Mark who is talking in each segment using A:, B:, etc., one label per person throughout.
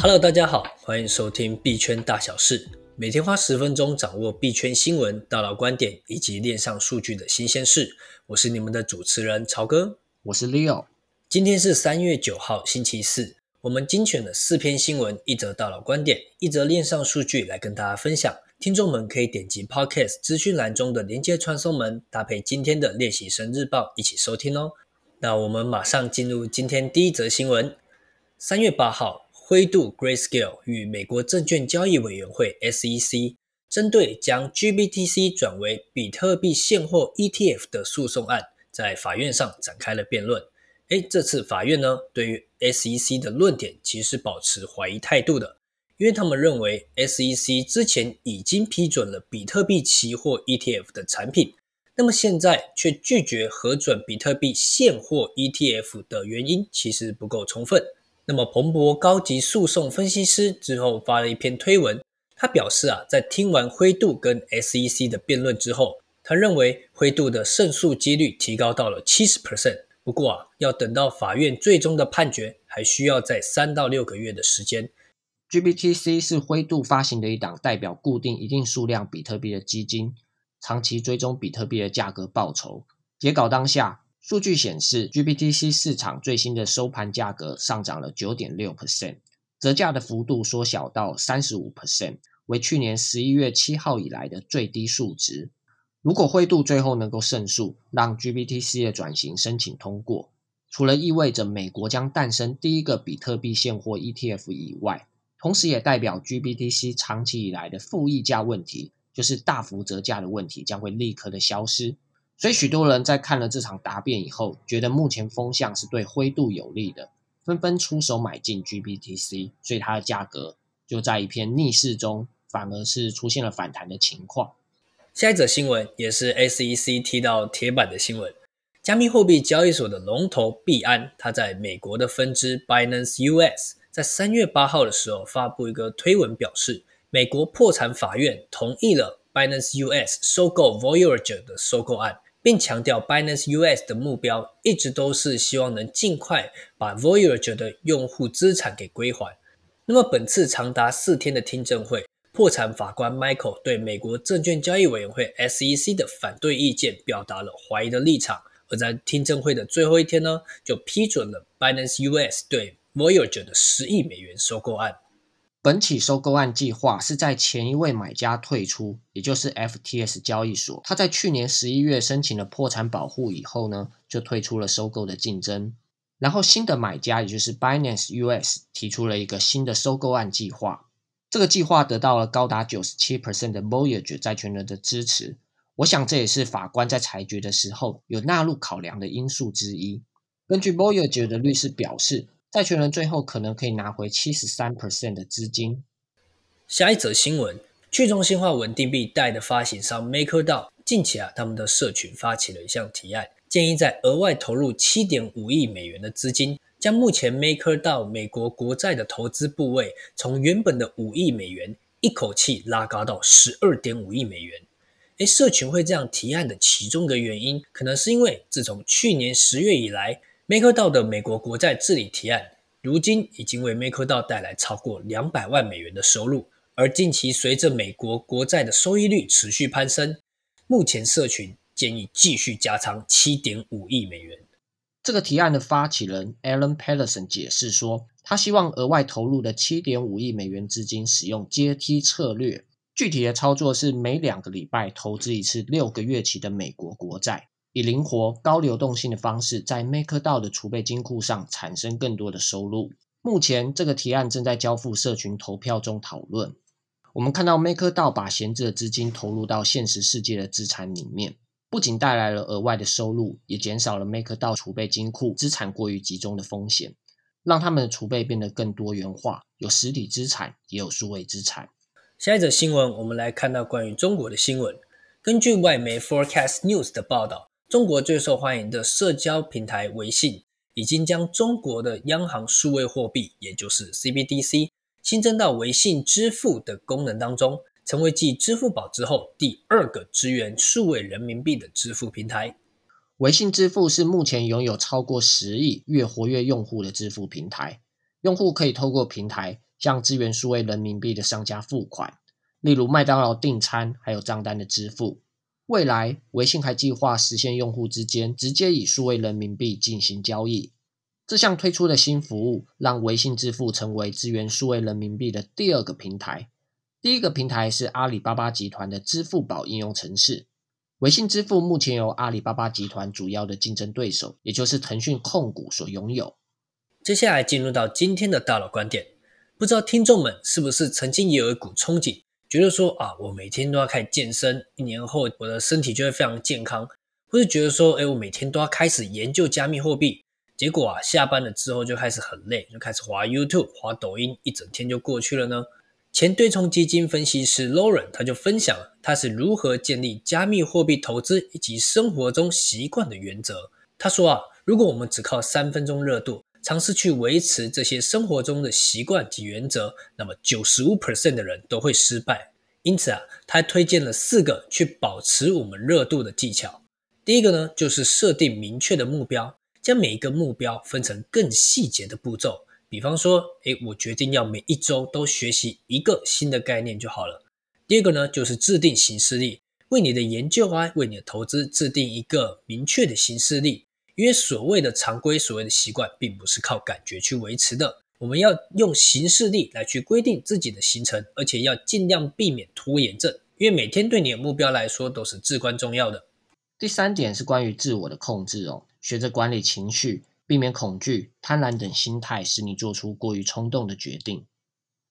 A: Hello，大家好，歡迎收聽幣圈大小事，每天花十分鐘掌握幣圈新聞、大佬觀點以及鏈上數據的新鮮事。我是你們的主持人曹哥，我是 Leo。今天是三月九號，星期四，我們精選了四篇新聞、一則大佬觀點、一則鏈上數據來跟大家分享。聽眾們可以點擊 Podcast 資訊欄中的連接傳送門，搭配今天的鏈習生日報一起收聽哦。那我們馬上進入今天第一則新聞，三月八號。灰度 （Grayscale） 與美國證券交易委員會 （SEC） 針對將 GBTC 轉為比特幣現貨 ETF 的訴訟案，在法院上展開了辯論。誒，這次法院呢，對於 SEC 的論點其實是保持懷疑態度的，因為他們認為 SEC 之前已經批准了比特幣期貨 ETF 的產品，那麼現在卻拒絕核准比特幣現貨 ETF 的原因，其實不夠充分。那麼，彭博高級訴訟分析師之後發了一篇推文，他表示啊，在聽完灰度跟 SEC 的辯論之後，他認為灰度的勝訴幾率提高到了70%。不過啊，要等到法院最終的判決，還需要再三到六個月的時間。GBTC 是灰度
B: 發行的一檔代表固定一定數量比特幣的基金，長期追蹤比特幣的價格報酬。截稿當下，數據顯示，GBTC 市場最新的收盤價格上漲了9.6%，折價的幅度縮小到35%，為去年11月7號以來的最低數值。如果灰度最後能夠勝訴，讓 GBTC 的轉型申請通過，除了意味着美國將誕生第一個比特幣現貨 ETF 以外，同時也代表 GBTC 長期以來的負溢價問題，就是大幅折價的問題，將會立刻的消失。所以許多人在看了這場答辯以後，覺得目前風向是對灰度有利的，紛紛出手買進 GBTC，所以它的價格就在一片逆勢
A: 中，反而是出現了反彈的情況。下一則新聞也是 SEC 踢到鐵板的新聞，加密貨幣交易所的龍頭幣安，它在美國的分支 Binance US 在三月八號的時候發布一個推文，表示美國破產法院同意了 Binance US 收購 Voyager 的收購案。並強調，Binance US 的目標一直都是希望能盡快把 Voyager 的用戶資產給歸還。那麼，本次長達四天的聽證會，破產法官 Michael 對美國證券交易委員會 SEC 的反對意見表達了懷疑的立場。而在聽證會的最後一天呢，就批准了 Binance US 對 Voyager 的十億美元收購案。
B: 本起收購案計劃是在前一位買家退出，也就是 FTS 交易所，他在去年十一月申請了破產保護以後呢，就退出了收購的競爭。然後新的買家，也就是 Binance US 提出了一個新的收購案計劃。這個計劃得到了高達九十七 percent 的 Voyager 債權人的支持。我想這也是法官在裁決的時候有納入考量的因素之一。根據 Voyager 的律師表
A: 示，債權人最後可能可以拿回七十三 percent 的資金。下一則新聞，去中心化穩定幣貸的發行商 MakerDAO 近期啊，他們的社群發起了一項提案，建議在額外投入七點五億美元的資金，將目前 MakerDAO 美國國債的投資部位從原本的五億美元，一口氣拉高到十二點五億美元。哎、欸，社群會這樣提案的其中一個原因，可能是因為自從去年十月以來。MakerDAO 的美國國債治理提案，如今已經為 MakerDAO 帶來超過兩百萬美元的收入。而近期隨着美國國債的收益率持續攀升，目前社群建議繼續加倉七點五億美元。這個提案的發起人 Alan
B: Pelson 解釋說，他希望額外投入的七點五億美元資金使用階梯策略，具體的操作是每兩個禮拜投資一次六個月期的美國國債。以靈活、高流動性的方式，在 MakerDAO 的儲備金庫上產生更多的收入。目前，這個提案正在交付社群投票中討論。我們看到 MakerDAO 把閒置的資金投入到現實世界的資產裡面，不僅帶來了額外的收入，也減少了 MakerDAO 儲備金庫資產過於集中的風險，
A: 讓他們的儲備變得更多元化，有實體資產，也有數位資產。下一則新聞，我們來看到關於中國的新聞。根據外媒 Forecast News 的報道。中國最受歡迎的社交平台微信已經將中國的央行數位貨幣，也就是 CBDC，新增到微信支付的功能當中，成為繼支付寶之後第二個支援數位人民幣的支付平台。
B: 微信支付是目前擁有超過十億月活躍用戶的支付平台，用戶可以透過平台向支援數位人民幣的商家付款，例如麥當勞訂餐，還有賬單的支付。未來，微信還計劃實現用戶之間直接以數位人民幣進行交易。這項推出的新服務，讓微信支付成為支援數位人民幣的第二個平台。第一個平台是阿里巴巴集團的支付寶應用程式。微信支付目前由阿里巴巴集團主要的競爭對手，也就是騰訊控股所擁有。
A: 接下來，進入到今天的大佬觀點，不知道聽眾們是不是曾經也有一股憧憬？覺得說啊，我每天都要開始健身，一年後我的身體就會非常健康，或是覺得說，哎，我每天都要開始研究加密貨幣，結果啊，下班了之後就開始很累，就開始滑 YouTube、滑抖音，一整天就過去了呢。前對沖基金分析師 Lauren 他就分享了他是如何建立加密貨幣投資以及生活中習慣的原則。他說啊，如果我們只靠三分鐘熱度，嘗試去維持這些生活中的習慣及原則，那麼九十五 percent 的人都會失敗。因此啊，他還推薦了四個去保持我們熱度的技巧。第一個呢，就是設定明確的目標，將每一個目標分成更細節的步驟。比方說，誒，我決定要每一週都學習一個新的概念就好了。第二個呢，就是制定行事曆，為你的研究啊，為你的投資制定一個明確的行事曆。因為所謂的常規，所謂的習慣，並不是靠感覺去維持的。我們要用行事曆來去規定自己的行程，而且要盡量避免拖延症。因為每天對你的目標來說都是至關重要的。第
B: 三點是關於自我的控制哦，學着管理情緒，避免恐懼、貪婪等心態，使你做出過於衝動的決定。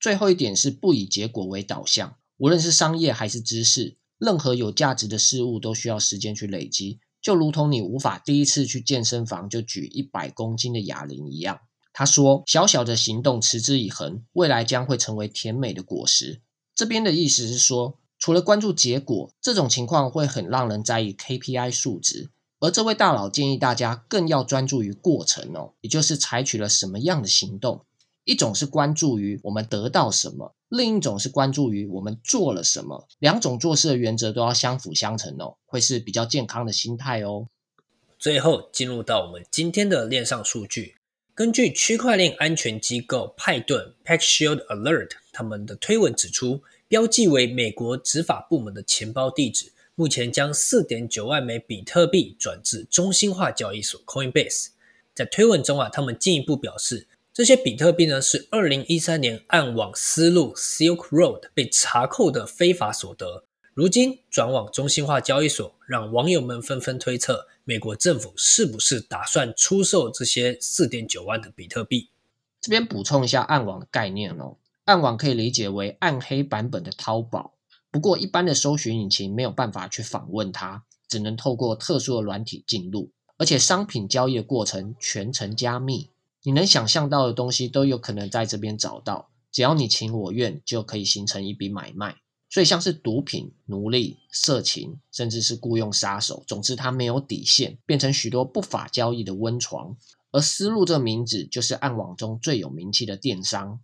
B: 最後一點是不以結果為導向，無論是商業還是知識，任何有價值的事物都需要時間去累積。就如同你無法第一次去健身房就舉一百公斤的啞鈴一樣，他說：“小小的行動持之以恆，未來將會成為甜美的果實。”這邊的意思是說，除了關注結果，這種情況會很讓人在意 KPI 數值，而這位大佬建議大家更要專注於過程哦，也就是採取了什麼樣的行動。一種是關注於我們得到什麼，另一種是關注於我們做了什麼。兩種做事的原則都要相輔相成哦，會是比較健康的
A: 心態哦。最後，進入到我們今天的鏈上數據。根據區塊鏈安全機構派盾 p a t c Shield Alert） 他們的推文指出，標記為美國執法部門的錢包地址，目前將四點九萬枚比特幣轉至中心化交易所 Coinbase。在推文中啊，他們進一步表示。這些比特幣呢，是二零一三年暗網絲路 Silk Road 被查扣的非法所得，如今轉往中心化交易所，讓網友們紛紛推測，美國政府是不是打算出售這些四點九萬的比特幣？這邊補充一下暗網的概念哦，暗網可以理解為暗黑版
B: 本的淘寶，不過一般的搜尋引擎沒有辦法去訪問它，只能透過特殊的軟體進入，而且商品交易的過程全程加密。你能想象到的東西都有可能在這邊找到，只要你情我願，就可以形成一筆買賣。所以像是毒品、奴隸、色情，甚至是僱傭殺手，總之它沒有底線，變成許多不法交易的溫床。而絲路這個名字就是暗網中最有名氣的電商。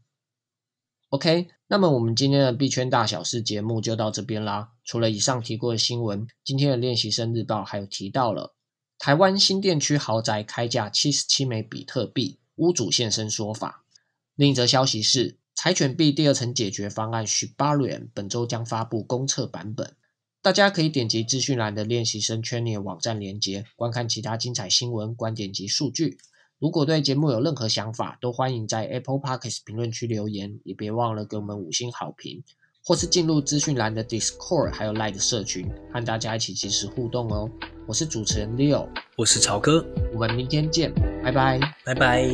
B: OK，那麼我們今天的幣圈大小事節目就到這邊啦。除了以上提過的新聞，今天的鏈習生日報還有提到了台灣新店區豪宅開價七十七枚比特幣。屋主現身說法。另一則消息是，柴犬幣第二層解決方案 Shibarium 本周將發布公測版本。大家可以點擊資訊欄的練習生 Chainee 網站鏈接，觀看其他精彩新聞、觀點及數據。如果對節目有任何想法，都歡迎在 Apple Podcasts 評論區留言，也別忘了給我們五星好評，或是進入資訊欄的 Discord 還有 Line 社群，和大家一起即時互動哦。我
A: 是主持人 Leo，我是曹哥，我們明天見，拜拜，拜拜。